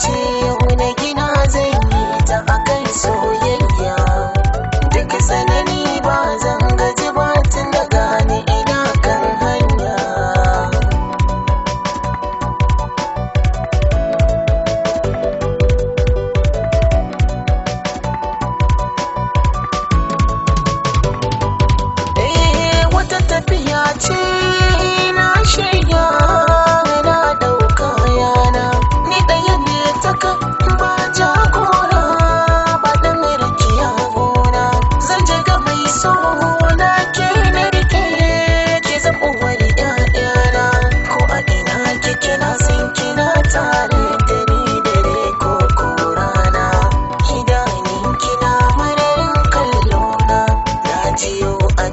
ce yau na zai yi ta akan soyayya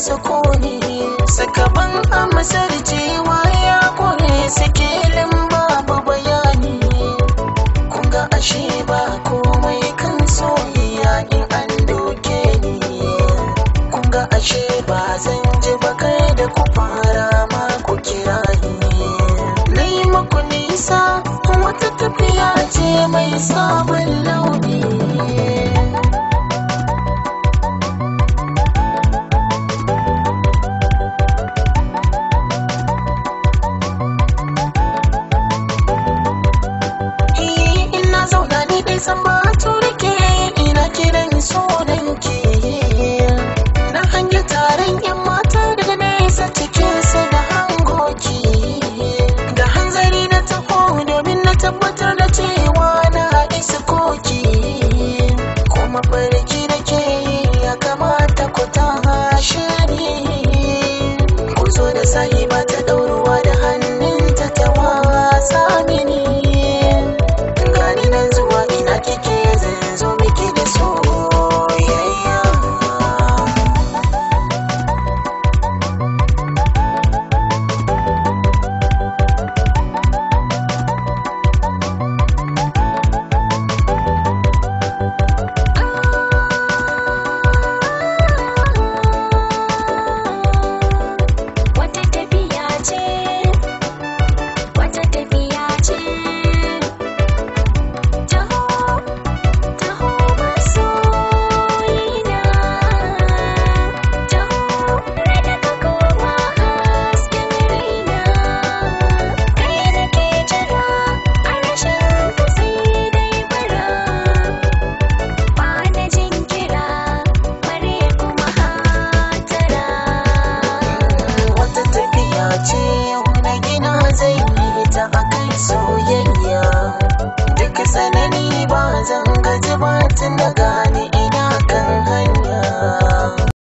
sukuni sakaban amsar cewa ya kore sikilin babu bayani kunga ashe ba komai kan soyayya in an doke ni kunga ashe ba zan ji ba kai da ku fara ma ku kira ni nai maku nisa wata tafiya ce mai sabon launi the team. so yeah.